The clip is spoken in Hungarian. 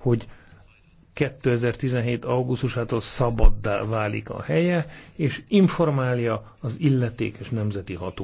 hogy 2017. augusztusától szabaddá válik a helye, és informálja az illetékes nemzeti hatóságot.